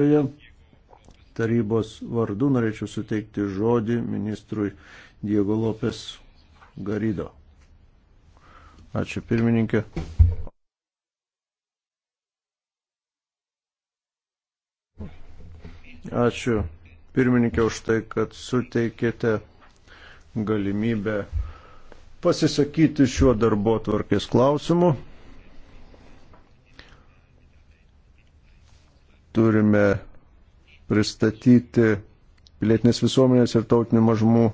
Joje tarybos vardu norėčiau suteikti žodį ministrui Diego Lopes Garido. Ačiū pirmininkė. Ačiū pirmininkė už tai, kad suteikėte galimybę pasisakyti šiuo darbo tvarkės klausimu. turime pristatyti pilietinės visuomenės ir tautinių mažumų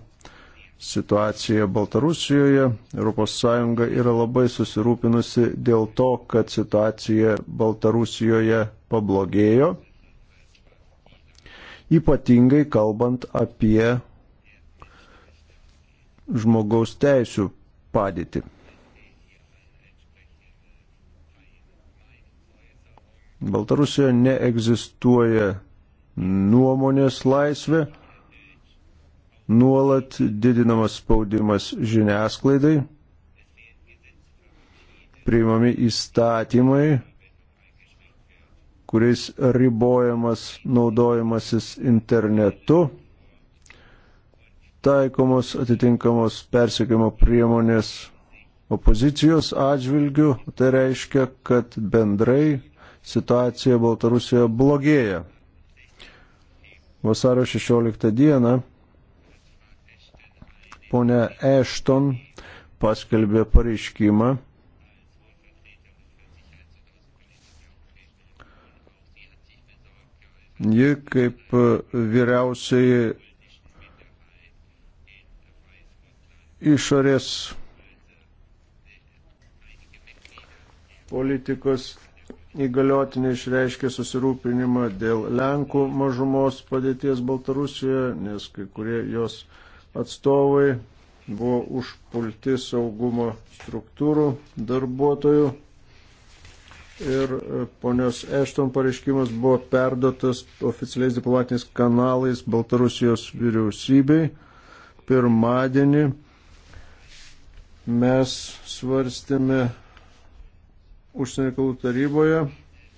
situaciją Baltarusijoje. ES yra labai susirūpinusi dėl to, kad situacija Baltarusijoje pablogėjo, ypatingai kalbant apie žmogaus teisų padėtį. Baltarusijoje neegzistuoja nuomonės laisvė, nuolat didinamas spaudimas žiniasklaidai, priimami įstatymai, kuriais ribojamas naudojimasis internetu, taikomos atitinkamos persiekimo priemonės opozicijos atžvilgių, tai reiškia, kad bendrai situacija Baltarusijoje blogėja. Vasario 16 dieną ponia Ešton paskelbė pareiškimą, Ji kaip vyriausiai išorės politikos įgaliotinė išreiškė susirūpinimą dėl Lenkų mažumos padėties Baltarusijoje, nes kai kurie jos atstovai buvo užpulti saugumo struktūrų darbuotojų. Ir e, ponios Ešton pareiškimas buvo perdotas oficialiais diplomatiniais kanalais Baltarusijos vyriausybei. Pirmadienį mes svarstėme užsienio reikalų taryboje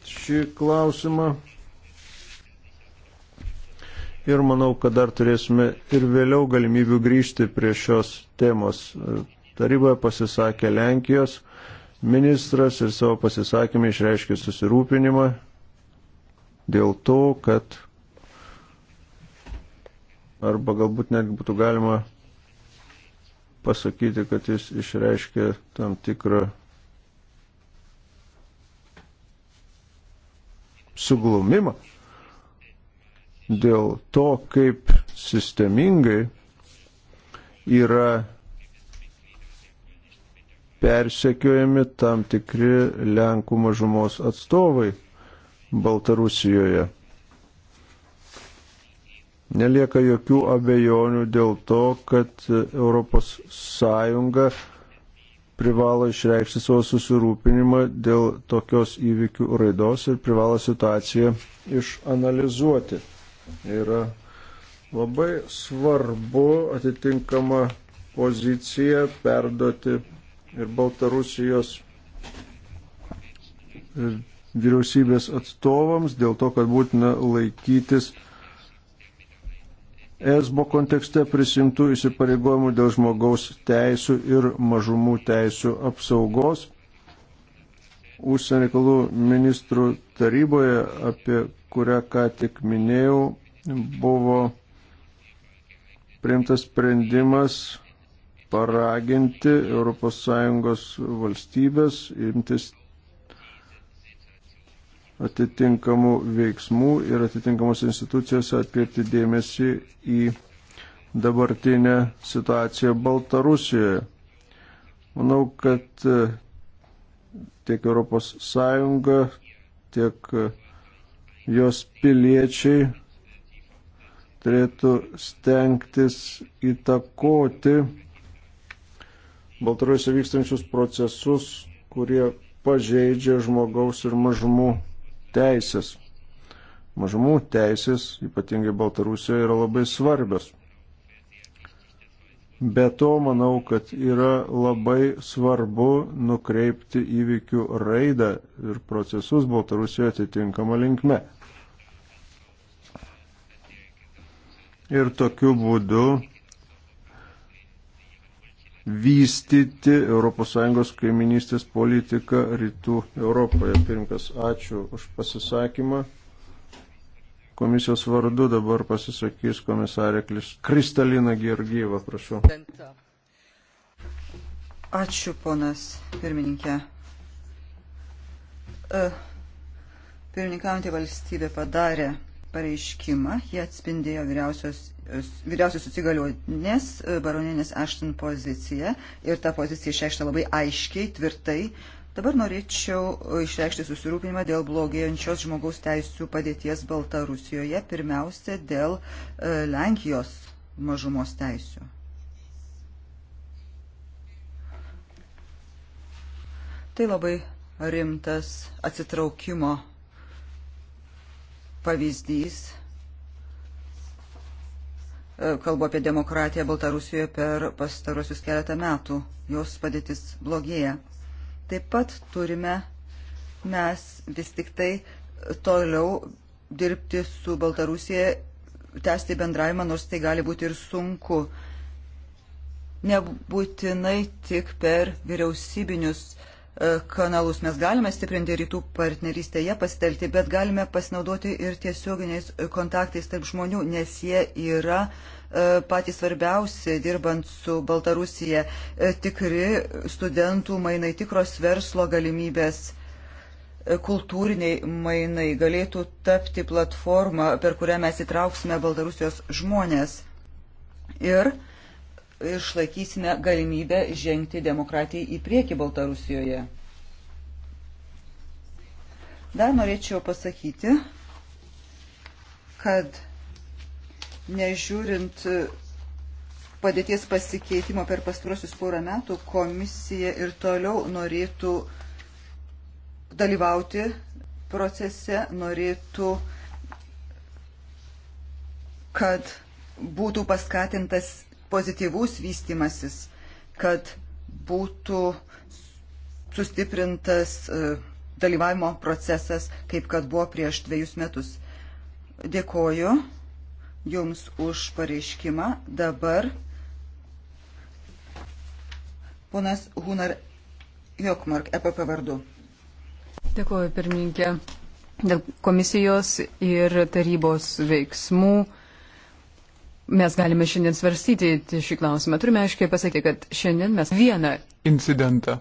šį klausimą. Ir manau, kad dar turėsime ir vėliau galimybių grįžti prie šios temos. Taryboje pasisakė Lenkijos ministras ir savo pasisakymą išreiškė susirūpinimą dėl to, kad arba galbūt netgi būtų galima pasakyti, kad jis išreiškė tam tikrą suglumimą dėl to, kaip sistemingai yra persekiojami tam tikri Lenkų mažumos atstovai Baltarusijoje. Nelieka jokių abejonių dėl to, kad ES privalo išreikšti savo susirūpinimą dėl tokios įvykių raidos ir privalo situaciją išanalizuoti. Yra labai svarbu atitinkamą poziciją perduoti ir Baltarusijos e, vyriausybės atstovams dėl to, kad būtina laikytis ESBO kontekste prisimtų įsipareigojimų dėl žmogaus teisų ir mažumų teisų apsaugos. Užsienio reikalų ministrų taryboje, apie kurią ką tik minėjau, buvo priimtas sprendimas paraginti ES valstybės imtis atitinkamų veiksmų ir atitinkamos institucijos atkreipti dėmesį į dabartinę situaciją Baltarusijoje. Manau, kad e, tiek Europos Sąjunga, tiek e, jos piliečiai turėtų stengtis įtakoti Baltarusijoje vykstančius procesus, kurie pažeidžia žmogaus ir mažumų teisės. Mažumų teisės, ypatingai Baltarusijoje, yra labai svarbios. Be to, manau, kad yra labai svarbu nukreipti įvykių raidą ir procesus Baltarusijoje atitinkama linkme. Ir tokiu būdu vystyti ES kaiminystės politiką rytų Europoje. Pirmkas, ačiū už pasisakymą. Komisijos vardu dabar pasisakys komisarė Kristalina Gergyva, prašau. Ačiū, ponas pirmininkė. E, pirmininkaujantį valstybę padarė pareiškimą, jie atspindėjo vyriausios vyriausios įsigaliotinės e, baroninės Ashton poziciją ir ta pozicija išreikšta labai aiškiai, tvirtai. Dabar norėčiau e, išreikšti susirūpinimą dėl blogėjančios žmogaus teisų padėties Baltarusijoje, pirmiausia dėl e, Lenkijos mažumos teisų. Tai labai rimtas atsitraukimo pavyzdys E, kalbu apie demokratiją Baltarusijoje per pastarosius keletą metų. Jos padėtis blogėja. Taip pat turime mes vis tik tai toliau dirbti su Baltarusija, tęsti bendravimą, nors tai gali būti ir sunku. Nebūtinai tik per vyriausybinius uh, E, kanalus mes galime stiprinti rytų partnerystėje pasitelkti, bet galime pasinaudoti ir tiesioginiais kontaktais tarp žmonių, nes jie yra e, patys svarbiausi, dirbant su Baltarusija, e, tikri studentų mainai, tikros verslo galimybės kultūriniai mainai galėtų tapti platformą, per kurią mes įtrauksime Baltarusijos žmonės. Ir uh, išlaikysime galimybę žengti demokratijai į priekį Baltarusijoje. Dar norėčiau pasakyti, kad nežiūrint padėties pasikeitimo per pastarosius porą metų, komisija ir toliau norėtų dalyvauti procese, norėtų, kad būtų paskatintas pozityvus vystimasis, kad būtų sustiprintas e, dalyvavimo procesas, kaip kad buvo prieš dviejus metus. Dėkoju Jums už pareiškimą. Dabar ponas Hunar Jokmark, EPP vardu. Dėkoju, pirmininkė. Dėl komisijos ir tarybos veiksmų mes galime šiandien svarstyti šį klausimą. Turime aiškiai pasakyti, kad šiandien mes vieną incidentą.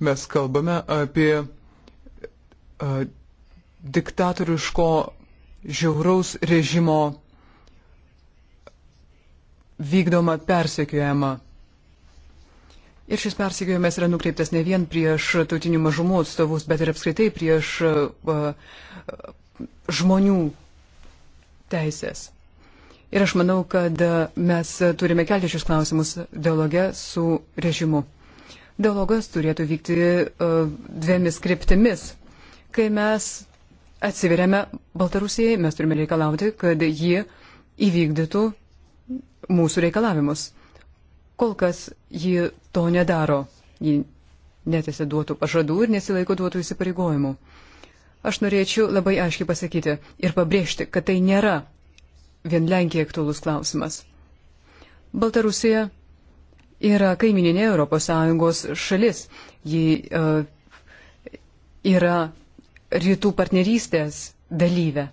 Mes kalbame apie uh, diktatoriško žiauraus režimo vykdomą persekiojimą. Ir šis persekiojimas yra nukreiptas ne vien prieš tautinių mažumų atstovus, bet ir apskritai prieš uh, uh, žmonių teisės. Ir aš manau, kad mes turime kelti šius klausimus dialogę su režimu. Dialogas turėtų vykti e, dviemis kryptimis. Kai mes atsiveriame Baltarusijai, mes turime reikalauti, kad ji įvykdytų mūsų reikalavimus. Kol kas ji to nedaro. Ji netėse duotų pažadų ir nesilaiko duotų įsipareigojimų. Aš norėčiau labai aiškiai pasakyti ir pabrėžti, kad tai nėra vien Lenkijai aktuolus klausimas. Baltarusija yra kaimininė ES šalis. Ji uh, yra rytų partnerystės dalyvė.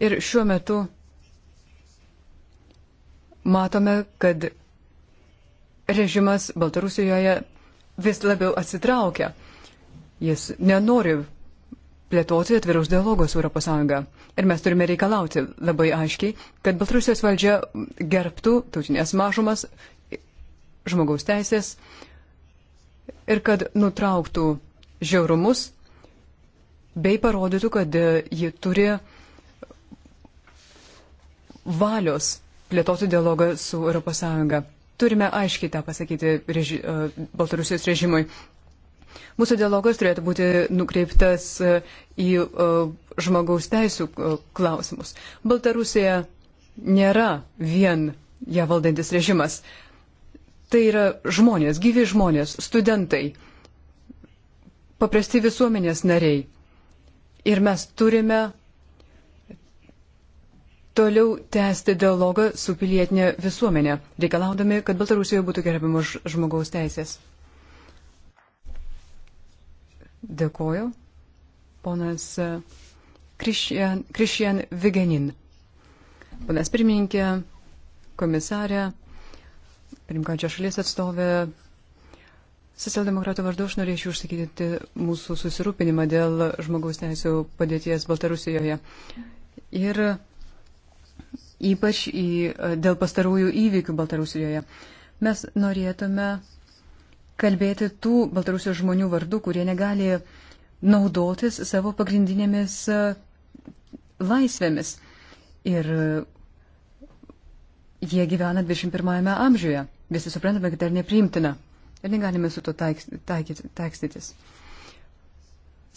Ir šiuo metu matome, kad režimas Baltarusijoje vis labiau atsitraukia. Jis nenori plėtoti atviraus dialogo su ES. Ir mes turime reikalauti labai aiškiai, kad Baltarusijos valdžia gerbtų tautinės mažumas, žmogaus teisės ir kad nutrauktų žiaurumus bei parodytų, kad ji turi valios plėtoti dialogą su ES. Turime aiškiai tą pasakyti reži e, Baltarusijos režimui. Mūsų dialogas turėtų būti nukreiptas e, į e, žmogaus teisų e, klausimus. Baltarusija nėra vien ją valdantis režimas. Tai yra žmonės, gyvi žmonės, studentai, paprasti visuomenės nariai. Ir mes turime toliau tęsti dialogą su pilietinė visuomenė, reikalaudami, kad Baltarusijoje būtų gerbiamos žmogaus teisės. Dėkoju. Ponas e, Krišian Vigenin. Ponas pirmininkė, komisarė, pirmkančio šalies atstovė. Socialdemokratų vardu aš norėčiau užsakyti mūsų susirūpinimą dėl žmogaus teisų padėties Baltarusijoje. Ir ypač į, dėl pastarųjų įvykių Baltarusijoje. Mes norėtume kalbėti tų Baltarusijos žmonių vardų, kurie negali naudotis savo pagrindinėmis e, laisvėmis. Ir jie gyvena 21 amžiuje. Visi suprantame, kad tai nepriimtina. Ir negalime su to taikstytis.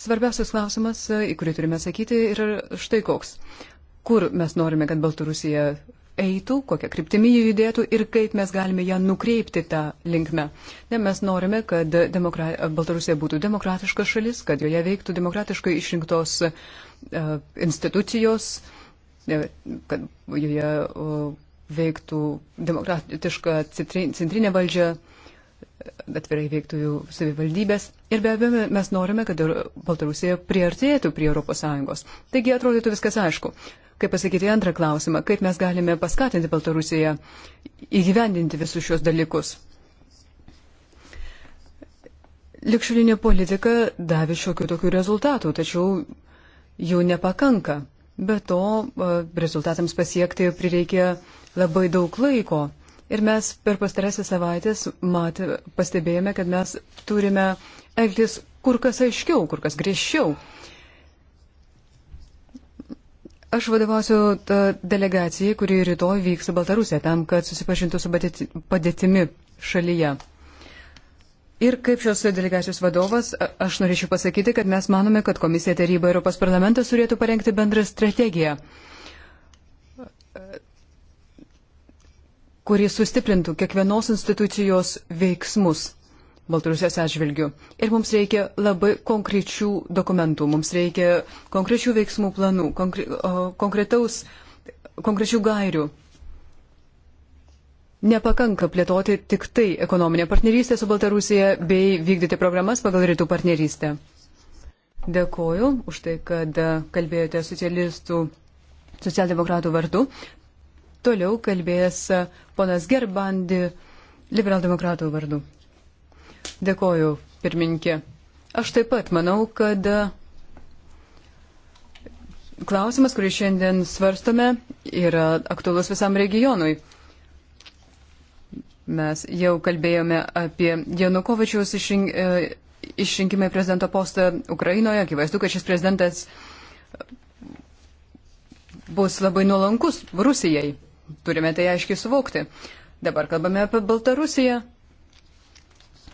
Svarbiausias klausimas, e, į kurį turime atsakyti, yra štai koks. Kur mes norime, kad Baltarusija eitų, kokią kryptimį jį judėtų ir kaip mes galime ją nukreipti tą linkmę. Ne, mes norime, kad demokra... Baltarusija būtų demokratiška šalis, kad joje veiktų demokratiškai išrinktos uh, institucijos, e, kad joje uh, veiktų demokratiška centrinė valdžia, atvirai veiktų jų savivaldybės. Ir be abejo, mes norime, kad Baltarusija priartėtų prie ES. Taigi atrodytų viskas aišku. Kaip pasakyti antrą klausimą, kaip mes galime paskatinti Baltarusiją įgyvendinti visus šios dalykus? Likšulinė politika davė šiokių tokių rezultatų, tačiau jų nepakanka. Be to, rezultatams pasiekti prireikė labai daug laiko. Ir mes per pastarąsias savaitės matė, pastebėjome, kad mes turime elgtis kur kas aiškiau, kur kas griežčiau. Aš vadovausiu delegacijai, kuri rytoj vyks į Baltarusiją tam, kad susipažintų su padėtimi šalyje. Ir kaip šios delegacijos vadovas, aš norėčiau pasakyti, kad mes manome, kad komisija taryba Europos parlamentas turėtų parengti bendrą strategiją, kuri sustiprintų kiekvienos institucijos veiksmus. Baltarusijos atžvilgių. Ir mums reikia labai konkrečių dokumentų, mums reikia konkrečių veiksmų planų, konkre, konkretaus, konkrečių gairių. Nepakanka plėtoti tik tai ekonominę partnerystę su Baltarusija bei vykdyti programas pagal rytų partnerystę. Dėkoju už tai, kad kalbėjote socialistų, socialdemokratų vardu. Toliau kalbės ponas Gerbandi, liberaldemokratų vardu. Dėkoju, pirmininkė. Aš taip pat manau, kad e, klausimas, kurį šiandien svarstome, yra aktualus visam regionui. Mes jau kalbėjome apie Janukovičiaus išrink, e, išrinkimą į prezidento postą Ukrainoje. Akivaizdu, kad šis prezidentas bus labai nuolankus Rusijai. Turime tai aiškiai suvokti. Dabar kalbame apie Baltarusiją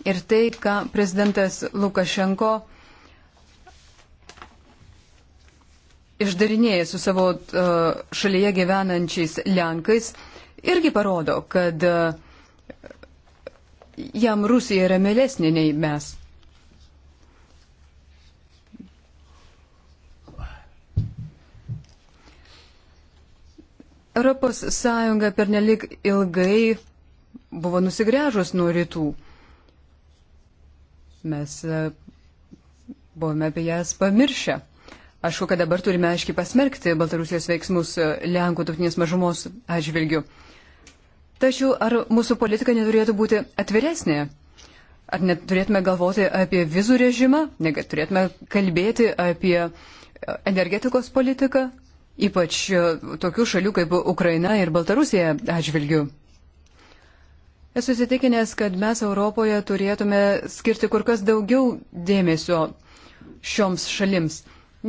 ir tai, ką prezidentas Lukašenko išdarinėja su savo e, šalyje gyvenančiais Lenkais, irgi parodo, kad e, jam Rusija yra mielesnė nei mes. Europos Sąjunga pernelik ilgai buvo nusigręžus nuo rytų. Mes e, buvome apie jas pamiršę. Aišku, kad dabar turime aiškiai pasmerkti Baltarusijos veiksmus e, Lenkų tautinės mažumos atžvilgių. Tačiau ar mūsų politika neturėtų būti atviresnė? Ar neturėtume galvoti apie vizų režimą, negi turėtume kalbėti apie e, energetikos politiką, ypač tokių šalių kaip Ukraina ir Baltarusija atžvilgių? Esu įsitikinęs, kad mes Europoje turėtume skirti kur kas daugiau dėmesio šioms šalims,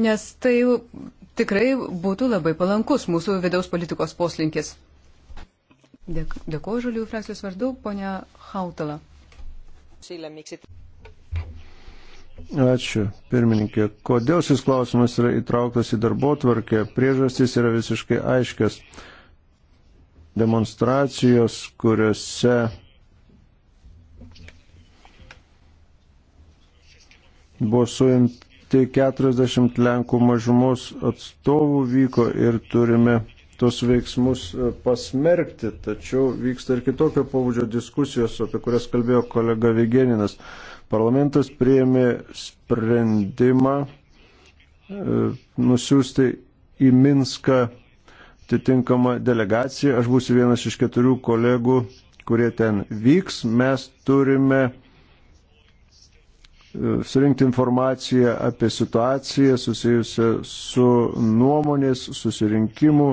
nes tai tikrai būtų labai palankus mūsų vidaus politikos poslinkis. Dėk, dėkuoju žaliųjų frakcijos vardu, ponia Hautala. Ačiū, pirmininkė. Kodėl šis klausimas yra įtrauktas į darbo tvarkę? Priežastys yra visiškai aiškios demonstracijos, kuriuose buvo suimti 40 Lenkų mažumos atstovų vyko ir turime tos veiksmus e, pasmerkti, tačiau vyksta ir kitokio pavudžio diskusijos, apie kurias kalbėjo kolega Vigeninas. Parlamentas priėmė sprendimą e, nusiųsti į Minską atitinkamą delegaciją. Aš būsiu vienas iš keturių kolegų, kurie ten vyks. Mes turime e, surinkti informaciją apie situaciją susijusią su nuomonės susirinkimu,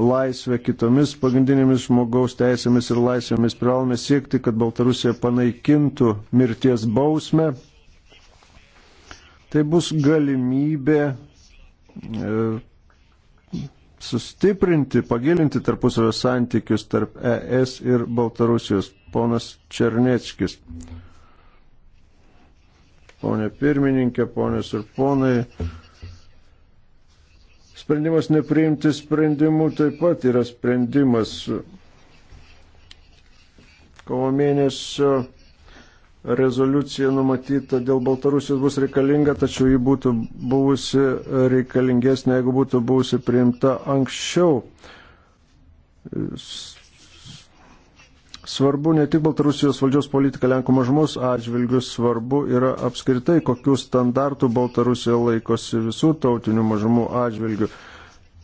laisvę kitomis pagrindinėmis žmogaus teisėmis ir laisvėmis. Privalome siekti, kad Baltarusija panaikintų mirties bausmę. Tai bus galimybė e, sustiprinti, pagilinti tarpusavio santykius tarp ES ir Baltarusijos. Ponas Černieckis. Pone pirmininkė, ponės ir ponai. Sprendimas nepriimti sprendimų taip pat yra sprendimas. Kovo mėnesio rezoliucija numatyta dėl Baltarusijos bus reikalinga, tačiau ji būtų buvusi reikalingesnė, jeigu būtų buvusi priimta anksčiau. Svarbu ne tik Baltarusijos valdžios politika Lenkų mažumos atžvilgių, svarbu yra apskritai, kokių standartų Baltarusija laikosi visų tautinių mažumų atžvilgių.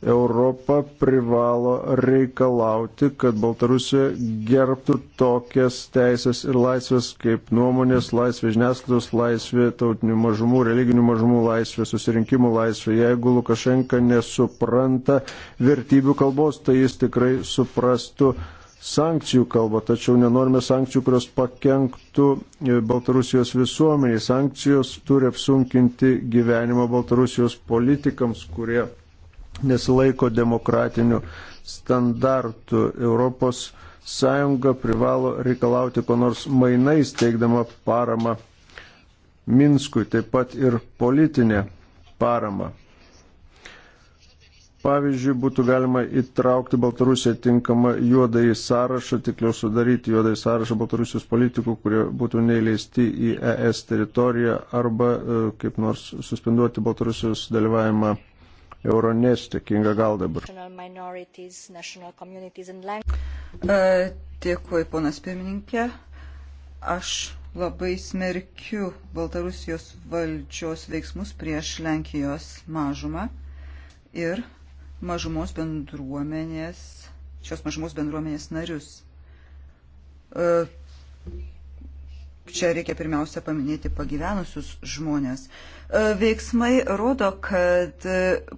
Europa privalo reikalauti, kad Baltarusija gerbtų tokias teisės ir laisvės kaip nuomonės laisvė, žiniasklaidos laisvė, tautinių mažumų, religinių mažumų laisvė, susirinkimų laisvė. Jeigu Lukašenka nesupranta vertybių kalbos, tai jis tikrai suprastų sankcijų kalbą, tačiau nenorime sankcijų, kurios pakenktų Baltarusijos visuomeniai. Sankcijos turi apsunkinti gyvenimą Baltarusijos politikams, kurie nesilaiko demokratinių standartų. Europos Sąjunga privalo reikalauti ko nors mainais, teikdama paramą Minskui, taip pat ir politinę paramą. Pavyzdžiui, būtų galima įtraukti Baltarusiją tinkamą juodąjį sąrašą, tikliau sudaryti juodąjį sąrašą Baltarusijos politikų, kurie būtų neįleisti į ES teritoriją arba e, kaip nors suspenduoti Baltarusijos dalyvavimą Euroneste. Kinga gal dabar. E, dėkui, ponas pirmininkė. Aš labai smerkiu Baltarusijos valdžios veiksmus prieš Lenkijos mažumą ir mažumos bendruomenės, šios mažumos bendruomenės narius. E, čia reikia pirmiausia paminėti pagyvenusius žmonės veiksmai rodo, kad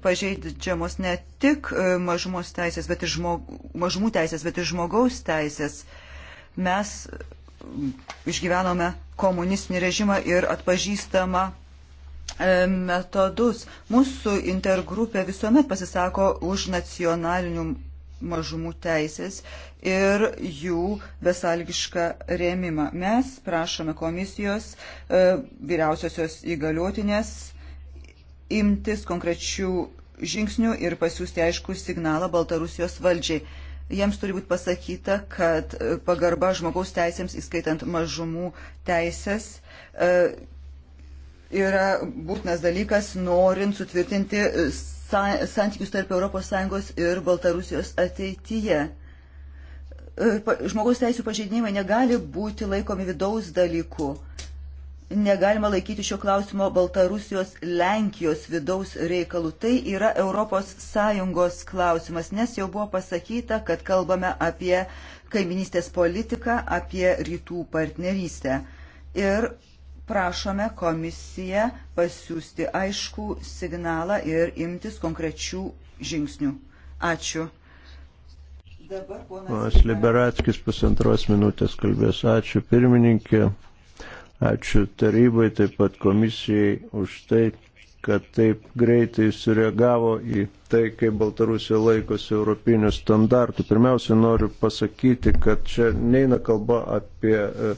pažeidžiamos ne tik e, mažumos teisės, bet ir žmog, mažumų teisės, bet ir žmogaus teisės. Mes išgyvenome komunistinį režimą ir atpažįstamą e, metodus. Mūsų intergrupė visuomet pasisako už nacionalinių mažumų teisės ir jų besalgišką rėmimą. Mes prašome komisijos e, vyriausiosios įgaliotinės imtis konkrečių žingsnių ir pasiūsti aišku signalą Baltarusijos valdžiai. Jiems turi būti pasakyta, kad e, pagarba žmogaus teisėms, įskaitant mažumų teisės, e, yra būtinas dalykas, norint sutvirtinti santykius tarp ES ir Baltarusijos ateityje. E, žmogaus teisų pažeidinimai negali būti laikomi vidaus dalykų. Negalima laikyti šio klausimo Baltarusijos Lenkijos vidaus reikalų. Tai yra ES klausimas, nes jau buvo pasakyta, kad kalbame apie kaiminystės politiką, apie rytų partnerystę. Ir prašome komisiją pasiūsti aiškų signalą ir imtis konkrečių žingsnių. Ačiū. Dabar ponas Liberatskis pusantros minutės kalbės. Ačiū pirmininkė, ačiū tarybai, taip pat komisijai už tai, kad taip greitai sureagavo į tai, kaip Baltarusija laikosi europinių standartų. Pirmiausia, noriu pasakyti, kad čia neina kalba apie e,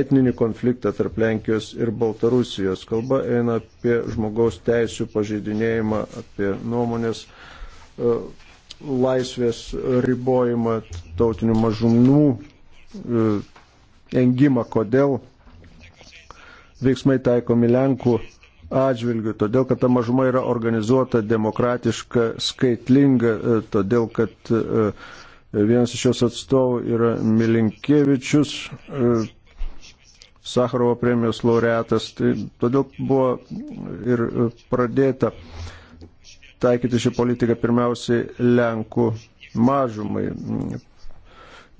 etninį konfliktą tarp Lenkijos ir Baltarusijos. Kalba eina apie žmogaus teisų pažeidinėjimą, apie nuomonės e, laisvės ribojimą, tautinių mažumų e, engimą, kodėl veiksmai taikomi Lenkų atžvilgių, todėl kad ta mažuma yra organizuota, demokratiška, skaitlinga, e, todėl kad e, vienas iš jos atstovų yra Milinkievičius, e, Sakarovo premijos laureatas, tai todėl buvo ir pradėta taikyti šį politiką pirmiausiai Lenkų mažumai.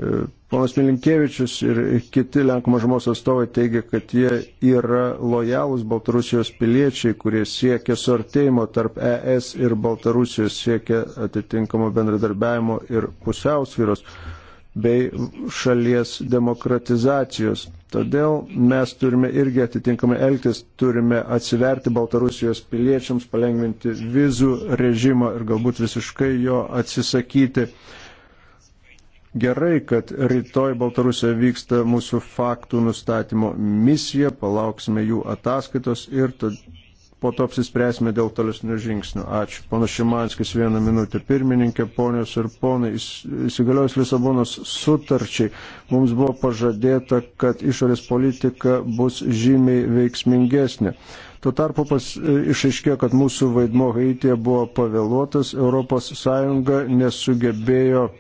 E, ponas Milinkievičius ir kiti Lenkų mažumos atstovai teigia, kad jie yra lojalūs Baltarusijos piliečiai, kurie siekia sortėjimo tarp ES ir Baltarusijos, siekia atitinkamo bendradarbiavimo ir pusiausvyros bei šalies demokratizacijos. Todėl mes turime irgi atitinkamai elgtis, turime atsiverti Baltarusijos piliečiams, palengvinti vizų režimą ir galbūt visiškai jo atsisakyti Gerai, kad rytoj Baltarusijoje vyksta mūsų faktų nustatymo misija, palauksime jų ataskaitos ir po to apsispręsime dėl tolesnių žingsnių. Ačiū. Pono Šimanskis vieną minutę pirmininkė, ponios ir ponai, įsigaliojus Lisabonos sutarčiai, mums buvo pažadėta, kad išorės politika bus žymiai veiksmingesnė. Tuo tarpu pas, išaiškėjo, kad mūsų vaidmo Haitėje buvo pavėluotas, ES nesugebėjo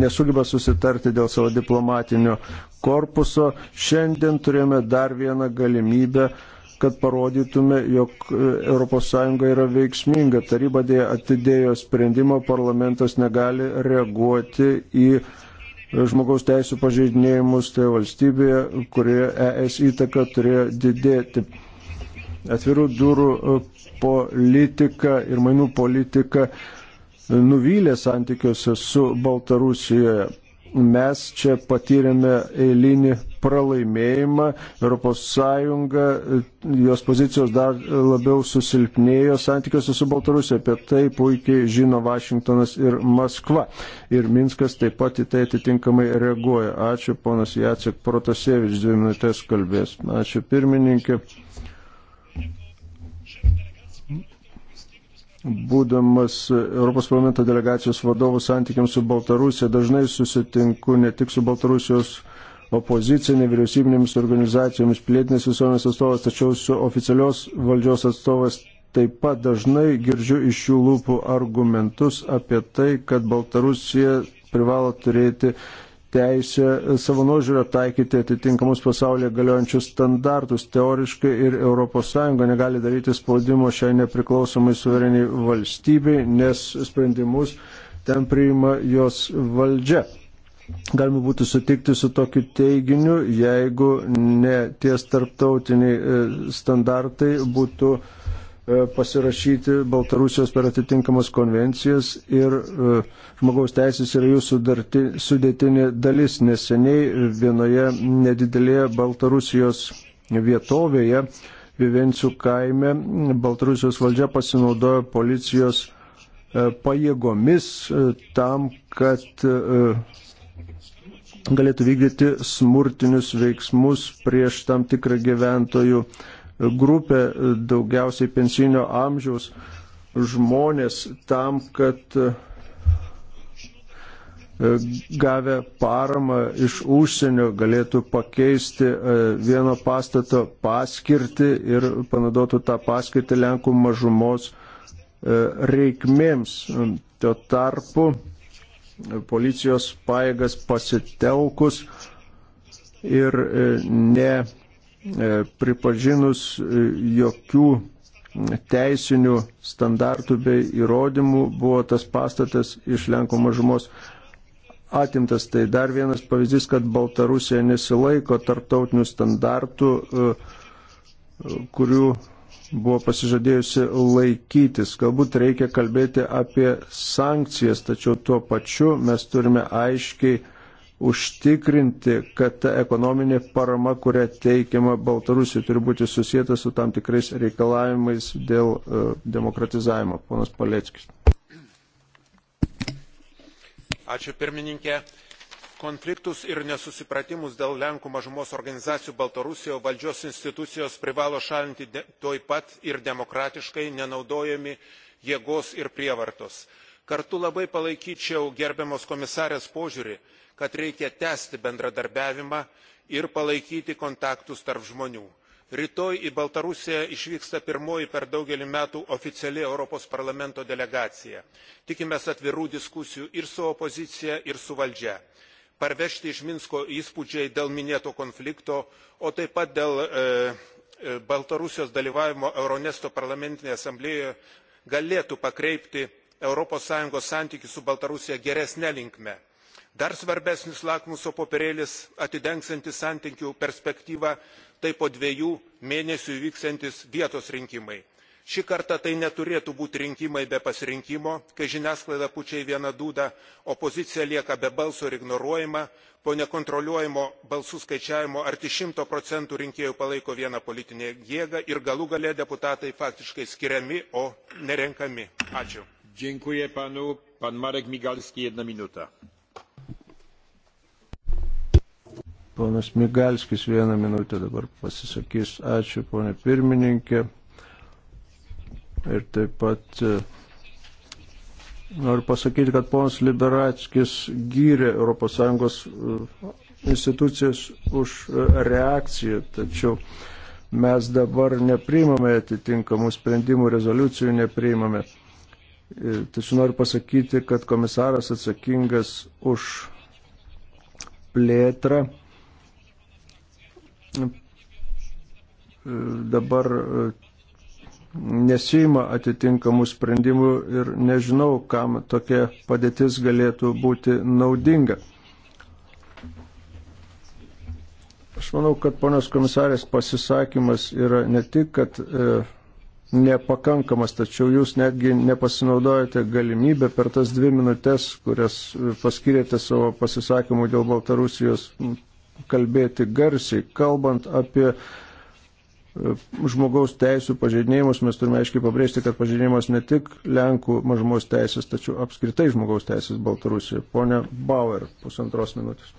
nesugeba susitarti dėl savo diplomatinio korpuso. Šiandien turėjome dar vieną galimybę kad parodytume, jog ES yra veiksminga. Taryba dėja atidėjo sprendimo, parlamentas negali reaguoti į e, žmogaus teisų pažeidinėjimus toje tai valstybėje, kurioje ES įtaka turėjo didėti. Atvirų durų e, politika ir mainų politika uh, nuvylė santykiuose su Baltarusijoje. Mes čia patyrėme eilinį pralaimėjimą, ES, jos pozicijos dar labiau susilpnėjo santykiuose su Baltarusija, apie tai puikiai žino Vašingtonas ir Maskva. Ir Minskas taip pat į tai atitinkamai reaguoja. Ačiū, ponas Jacek Protasevič, dvi minutės kalbės. Ačiū, pirmininkė. būdamas Europos parlamento delegacijos vadovų santykiams su Baltarusija, dažnai susitinku ne tik su Baltarusijos opozicinė, vyriausybinėmis organizacijomis, pilietinės visuomenės atstovas, tačiau su oficialios valdžios atstovas taip pat dažnai girdžiu iš jų lūpų argumentus apie tai, kad Baltarusija privalo turėti teisę savo nuožiūrą taikyti atitinkamus pasaulyje galiojančius standartus. Teoriškai ir ES negali daryti spaudimo šiai nepriklausomai suvereniai valstybei, nes sprendimus ten priima jos valdžia. Galima būtų sutikti su tokiu teiginiu, jeigu ne ties tarptautiniai e, standartai būtų uh, E, pasirašyti Baltarusijos per atitinkamas konvencijas ir e, žmogaus teisės yra jų sudarti, sudėtinė dalis. Neseniai vienoje nedidelėje Baltarusijos vietovėje, Vivencių kaime, Baltarusijos valdžia pasinaudojo policijos e, pajėgomis tam, kad galėtų vykdyti smurtinius veiksmus prieš tam tikrą gyventojų grupė daugiausiai pensinio amžiaus žmonės tam, kad e, gavę paramą iš užsienio galėtų pakeisti e, vieno pastato paskirtį ir panaudotų tą paskirtį Lenkų mažumos e, reikmėms. Tuo tarpu policijos paėgas pasitelkus ir ne E, pripažinus e, jokių teisinių standartų bei įrodymų buvo tas pastatas iš Lenkų mažumos atimtas. Tai dar vienas pavyzdys, kad Baltarusija nesilaiko tarptautinių standartų, e, kurių buvo pasižadėjusi laikytis. Galbūt reikia kalbėti apie sankcijas, tačiau tuo pačiu mes turime aiškiai užtikrinti, kad ta ekonominė parama, kurią teikiama Baltarusijai, turi būti susijęta su tam tikrais reikalavimais dėl e, demokratizavimo. Ponas Paleckis. Ačiū pirmininkė. Konfliktus ir nesusipratimus dėl Lenkų mažumos organizacijų Baltarusijoje valdžios institucijos privalo šalinti toj pat ir demokratiškai, nenaudojami jėgos ir prievartos. Kartu labai palaikyčiau gerbiamos komisarės požiūrį, kad reikia tęsti bendradarbiavimą ir palaikyti kontaktus tarp žmonių. rytoj į baltarusiją išvyksta pirmoji per daugelį metų oficiali europos parlamento delegacija. tikimės atvirų diskusijų ir su opozicija ir su valdžia parvežti iš minsko įspūdžiai dėl minėto konflikto o taip pat dėl e, e baltarusijos dalyvavimo euronesto parlamentinėje asamblėjoje galėtų pakreipti europos sąjungos santykius su baltarusija geresne linkme. Dar svarbesnis lakmuso popierėlis atidengsantis santykių perspektyvą, tai po dviejų mėnesių įvyksantis vietos rinkimai. Šį kartą tai neturėtų būti rinkimai be pasirinkimo, kai žiniasklaida pučiai vieną dūdą, opozicija lieka be balso ir ignoruojama, po nekontroliuojamo balsų skaičiavimo arti šimto procentų rinkėjų palaiko vieną politinę jėgą ir galų galę deputatai faktiškai skiriami, o nerenkami. Ačiū. Dziękuję panu. Pan Marek Migalski, jedna minuta. Ponas Migalskis vieną minutę dabar pasisakys. Ačiū, ponė pirmininkė. Ir taip pat e, noriu pasakyti, kad ponas Liberatskis gyrė ES e, institucijas už e, reakciją, tačiau mes dabar nepriimame atitinkamų sprendimų, rezoliucijų nepriimame. Tačiau noriu pasakyti, kad komisaras atsakingas už plėtrą dabar e, nesima atitinkamų sprendimų ir nežinau, kam tokia padėtis galėtų būti naudinga. Aš manau, kad ponios komisarės pasisakymas yra ne tik, kad e, nepakankamas, tačiau jūs netgi nepasinaudojate galimybę per tas dvi minutės, kurias e, paskirėte savo pasisakymų dėl Baltarusijos kalbėti garsiai. Kalbant apie e, žmogaus teisų pažeidinėjimus, mes turime aiškiai pabrėžti, kad pažeidinėjimas ne tik Lenkų mažumos teisės, tačiau apskritai žmogaus teisės Baltarusijoje. Pone Bauer, pusantros minutės.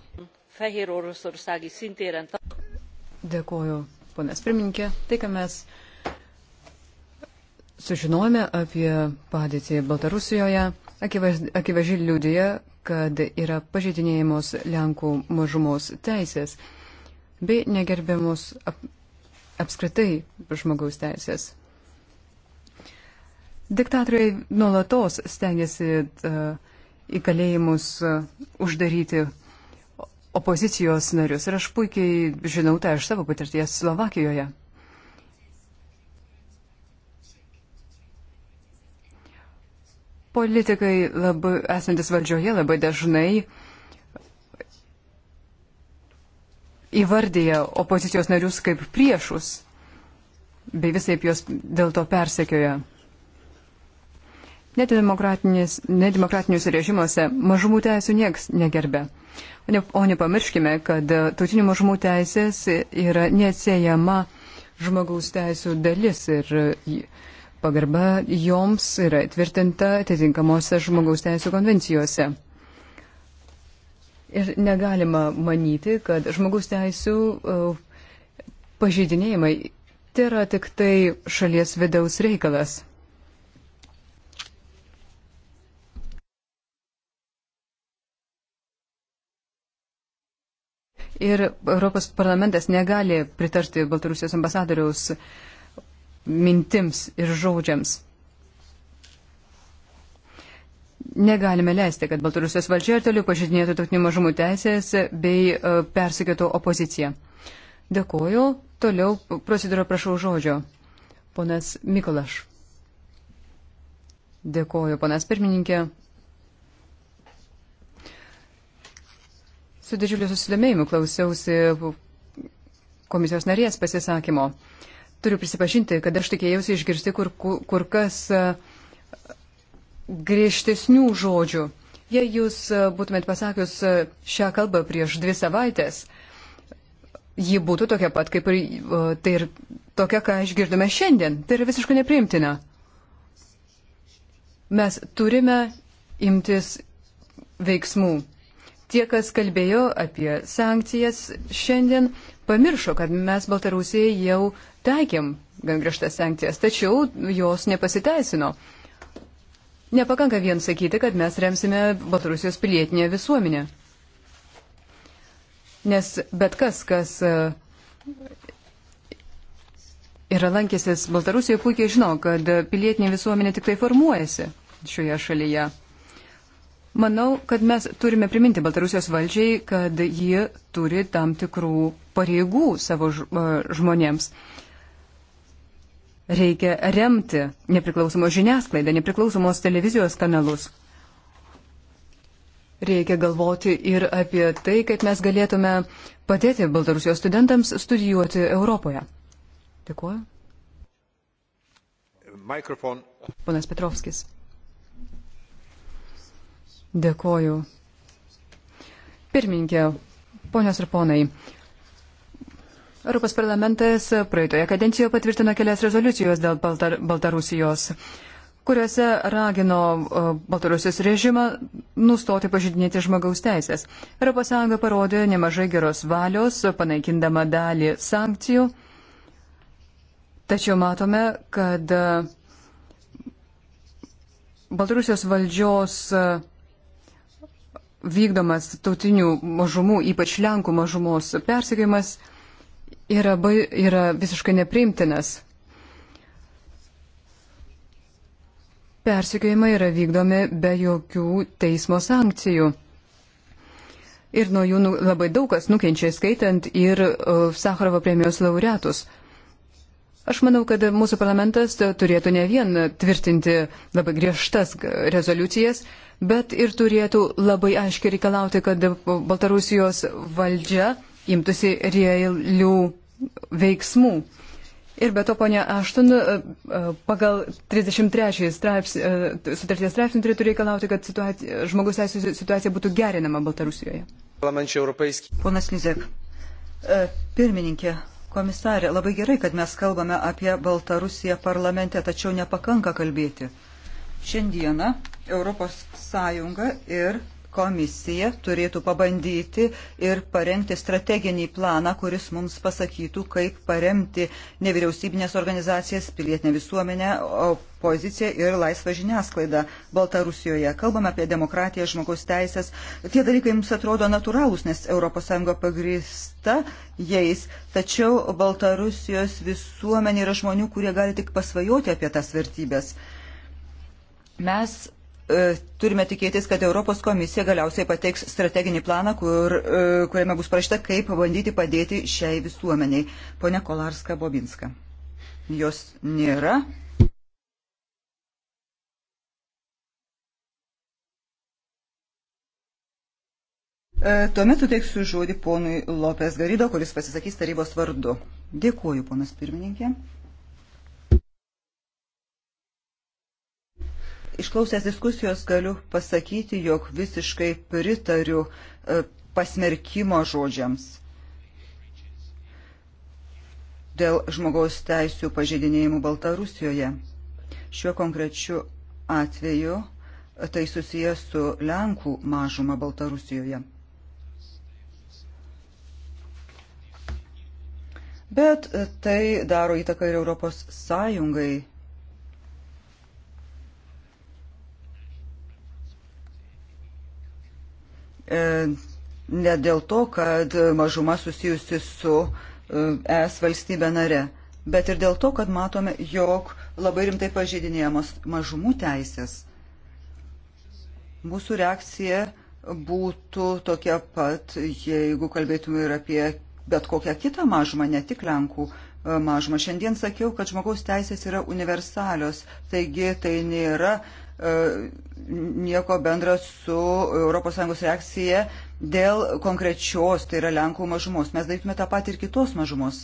Dėkuoju, ponas pirmininkė. Tai, ką mes sužinojome apie padėtį Baltarusijoje, akivaizdžiai liūdėja, kad yra pažeidinėjamos Lenkų mažumos teisės bei negerbiamos ap, apskritai žmogaus teisės. Diktatoriai nuolatos stengiasi uh, į kalėjimus uh, uždaryti opozicijos narius ir aš puikiai žinau tą iš savo patirties Slovakijoje. Politikai labai, esantis valdžioje labai dažnai įvardyja opozicijos narius kaip priešus bei visai juos dėl to persekioja. Nedemokratiniuose režimuose mažumų teisų nieks negerbė. O, ne, o nepamirškime, kad tautinių mažumų teisės yra neatsiejama žmogaus teisų dalis ir Pagarba joms yra tvirtinta atitinkamuose žmogaus teisų konvencijose. Ir negalima manyti, kad žmogaus teisų e, pažeidinėjimai tai yra tik tai šalies vidaus reikalas. Ir Europos parlamentas negali pritarti Baltarusijos ambasadoriaus uh, mintims ir žodžiams. Negalime leisti, kad Baltarusijos valdžia ir toliau pažydinėtų tautinių mažumų teisės bei e, persikėtų opoziciją. Dėkuoju. Toliau procedūrą prašau žodžio. Ponas Mikolaš. Dėkuoju, ponas pirmininkė. Su didžiuliu susidomėjimu klausiausi komisijos narės pasisakymo. Uh, turiu prisipažinti, kad aš tikėjausi išgirsti kur, kur, kur kas e, griežtesnių žodžių. Jei jūs e, būtumėt pasakius e, šią kalbą prieš dvi savaitės, ji būtų tokia pat, kaip ir tai ir tokia, ką išgirdome šiandien. Tai yra visiškai nepriimtina. Mes turime imtis veiksmų. Tie, kas kalbėjo apie sankcijas šiandien, pamiršo, kad mes Baltarusijai jau taikėm gan griežtas sankcijas, tačiau jos nepasiteisino. Nepakanka vien sakyti, kad mes remsime Baltarusijos pilietinę visuomenę. Nes bet kas, kas e, yra lankęsis Baltarusijoje, puikiai žino, kad pilietinė visuomenė tik tai formuojasi šioje šalyje. Manau, kad mes turime priminti Baltarusijos valdžiai, kad ji turi tam tikrų pareigų savo žmonėms. Reikia remti nepriklausomos žiniasklaidą, nepriklausomos televizijos kanalus. Reikia galvoti ir apie tai, kaip mes galėtume padėti Baltarusijos studentams studijuoti Europoje. Dėkuoju. Mikrofon. Ponas Petrovskis. Dėkoju. Pirmininkė, ponios ir ponai, Europos parlamentas praeitoje kadencijoje patvirtino kelias rezoliucijos dėl Baltar Baltarusijos kuriuose ragino Baltarusijos režimą nustoti pažydinėti žmogaus teisės. ES parodė nemažai geros valios, panaikindama dalį sankcijų, tačiau matome, kad e, Baltarusijos valdžios e, vykdomas tautinių mažumų, ypač Lenkų mažumos persikėjimas yra, yra visiškai nepriimtinas. Persikėjimai yra vykdomi be jokių teismo sankcijų. Ir nuo jų nu, labai daug kas nukenčia, skaitant ir Sakarovo premijos laureatus. Aš manau, kad mūsų parlamentas turėtų ne vien tvirtinti labai griežtas rezoliucijas, bet ir turėtų labai aiškiai reikalauti, kad Baltarusijos valdžia imtųsi realių veiksmų. Ir be to, ponia Aštun, e, e, pagal 33 straipsnį, e, sutarties straipsnį turėtų reikalauti, kad situacija, žmogus teisų situacija būtų gerinama Baltarusijoje. Ponas Lizek, pirmininkė, komisarė, labai gerai, kad mes kalbame apie Baltarusiją parlamente, tačiau nepakanka kalbėti. Šiandieną Europos Sąjunga ir komisija turėtų pabandyti ir parengti strateginį planą, kuris mums pasakytų, kaip paremti nevyriausybinės organizacijas, pilietinę visuomenę, opoziciją ir laisvą žiniasklaidą Baltarusijoje. Kalbame apie demokratiją, žmogaus teisės. Tie dalykai mums atrodo natūralūs, nes ES pagrįsta jais, tačiau Baltarusijos visuomenė yra žmonių, kurie gali tik pasvajoti apie tas vertybės. Mes E, turime tikėtis, kad Europos komisija galiausiai pateiks strateginį planą, kur, e, kuriame bus parašta, kaip bandyti padėti šiai visuomeniai. Pone Kolarska Bobinska. Jos nėra. E, tuomet suteiksiu žodį ponui Lopes Garido, kuris pasisakys tarybos vardu. Dėkuoju, ponas pirmininkė. Išklausęs diskusijos galiu pasakyti, jog visiškai pritariu e, pasmerkimo žodžiams dėl žmogaus teisų pažeidinėjimų Baltarusijoje. Šiuo konkrečiu atveju e, tai susijęs su Lenkų mažuma Baltarusijoje. Bet e, tai daro įtaką ir Europos Sąjungai E, ne dėl to, kad mažuma susijusi su e, es valstybė nare, bet ir dėl to, kad matome, jog labai rimtai pažeidinėjamos mažumų teisės. Mūsų reakcija būtų tokia pat, jeigu kalbėtume ir apie bet kokią kitą mažumą, ne tik Lenkų e, mažumą. Šiandien sakiau, kad žmogaus teisės yra universalios, taigi tai nėra E, nieko bendra su ES reakcija dėl konkrečios, tai yra Lenkų mažumos. Mes darytume tą patį ir kitos mažumos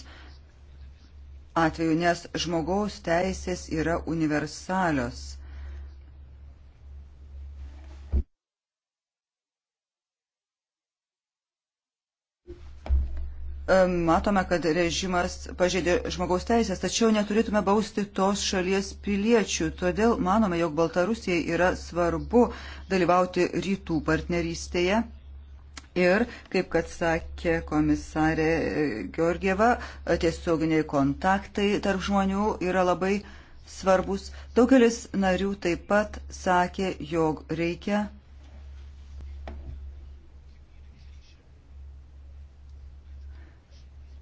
atveju, nes žmogaus teisės yra universalios. E, matome, kad režimas pažeidė žmogaus teisės, tačiau neturėtume bausti tos šalies piliečių. Todėl manome, jog Baltarusijai yra svarbu dalyvauti rytų partnerystėje. Ir, kaip kad sakė komisarė Georgieva, tiesioginiai kontaktai tarp žmonių yra labai svarbus. Daugelis narių taip pat sakė, jog reikia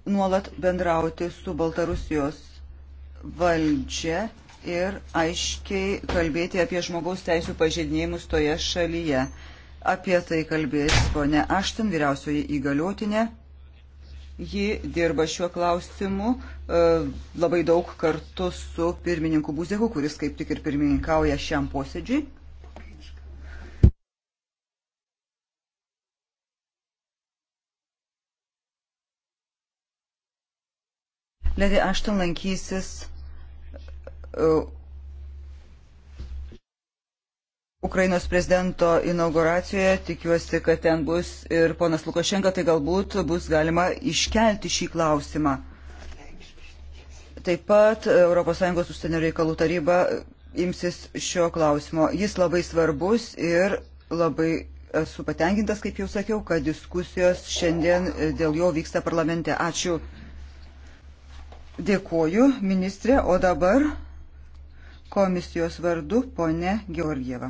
nuolat bendrauti su Baltarusijos valdžia ir aiškiai kalbėti apie žmogaus teisų pažeidinėjimus toje šalyje. Apie tai kalbės ponė Ašten, vyriausioji įgaliotinė. Ji dirba šiuo klausimu e, labai daug kartu su pirmininku Buzeku, kuris kaip tik ir pirmininkauja šiam posėdžiui. Lady Ashton lankysis e, Ukrainos prezidento inauguracijoje. Tikiuosi, kad ten bus ir ponas Lukašenka, tai galbūt bus galima iškelti šį klausimą. Taip pat ES užsienio reikalų taryba imsis šio klausimo. Jis labai svarbus ir labai esu patenkintas, kaip jau sakiau, kad diskusijos šiandien dėl jo vyksta parlamente. Ačiū. Dėkuoju, ministrė, o dabar komisijos vardu ponė Georgieva.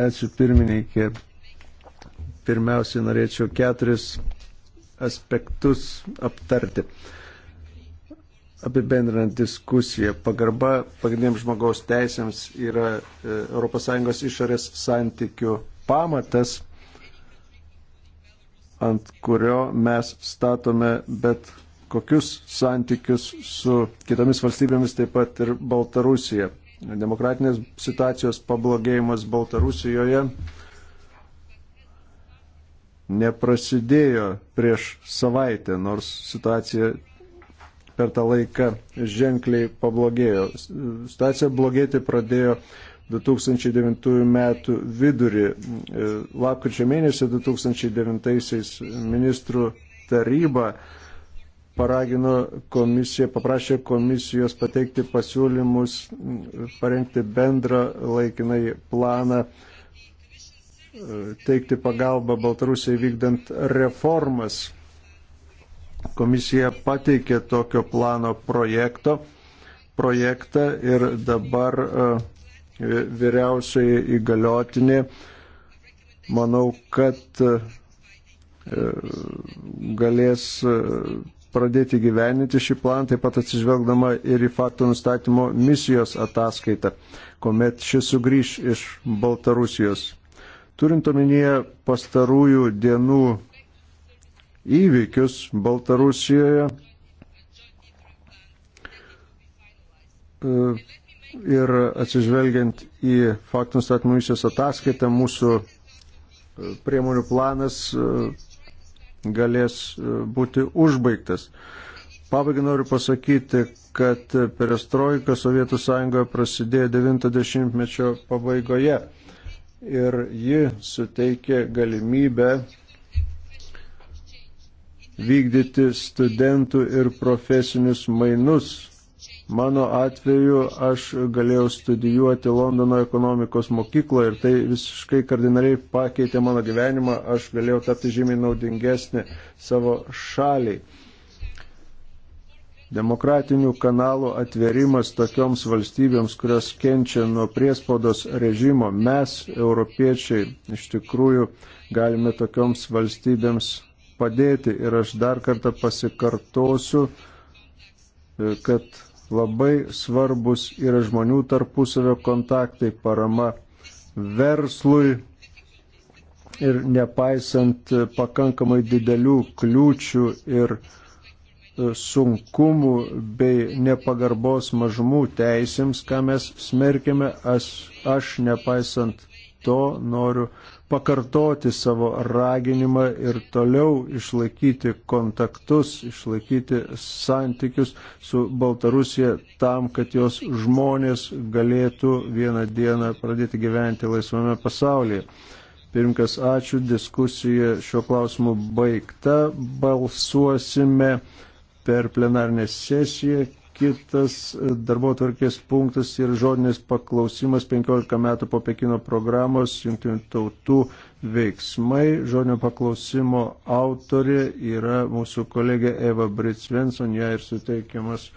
Ačiū pirmininkė. Pirmiausiai norėčiau keturis aspektus aptarti. Apibendrinant diskusiją, pagarba pagrindiniams žmogaus teisėms yra ES išorės santykių pamatas ant kurio mes statome bet kokius santykius su kitomis valstybėmis, taip pat ir Baltarusija. Demokratinės situacijos pablogėjimas Baltarusijoje neprasidėjo prieš savaitę, nors situacija per tą laiką ženkliai pablogėjo. Situacija blogėti pradėjo 2009 metų vidurį. E, lapkričio mėnesį 2009 ministrų taryba paragino komisiją, paprašė komisijos pateikti pasiūlymus, parengti bendrą laikinai planą, e, teikti pagalbą Baltarusiai vykdant reformas. Komisija pateikė tokio plano projekto, projektą ir dabar uh, E, vyriausiai įgaliotinė, manau, kad e, galės e, pradėti gyveninti šį planą, taip pat atsižvelgdama ir į faktų nustatymo misijos ataskaitą, kuomet šis sugrįž iš Baltarusijos. Turint omenyje pastarųjų dienų įvykius Baltarusijoje, ir atsižvelgiant į faktų nustatymų misijos ataskaitą, mūsų e, priemonių planas e, galės e, būti užbaigtas. Pabaigai noriu pasakyti, kad perestroika Sovietų Sąjungoje prasidėjo 90-mečio pabaigoje ir ji suteikė galimybę vykdyti studentų ir profesinius mainus Mano atveju aš galėjau studijuoti Londono ekonomikos mokykloje ir tai visiškai kardinaliai pakeitė mano gyvenimą, aš galėjau tapti žymiai naudingesnė savo šaliai. Demokratinių kanalų atverimas tokioms valstybėms, kurios kenčia nuo priespaudos režimo, mes, europiečiai, iš tikrųjų galime tokioms valstybėms padėti. Ir aš dar kartą pasikartosiu, kad Labai svarbus yra žmonių tarpusavio kontaktai, parama verslui ir nepaisant pakankamai didelių kliūčių ir e, sunkumų bei nepagarbos mažumų teisėms, ką mes smerkime, aš, aš nepaisant to noriu pakartoti savo raginimą ir toliau išlaikyti kontaktus, išlaikyti santykius su Baltarusija tam, kad jos žmonės galėtų vieną dieną pradėti gyventi laisvame pasaulyje. Pirmkas, ačiū, diskusija šiuo klausimu baigta, balsuosime per plenarnę sesiją Kitas e, darbo tvarkės punktas yra žodinis paklausimas 15 metų po Pekino programos Junktinių tautų veiksmai. Žodinio paklausimo autorė yra mūsų kolegė Eva Britsvenson, ją ir suteikiamas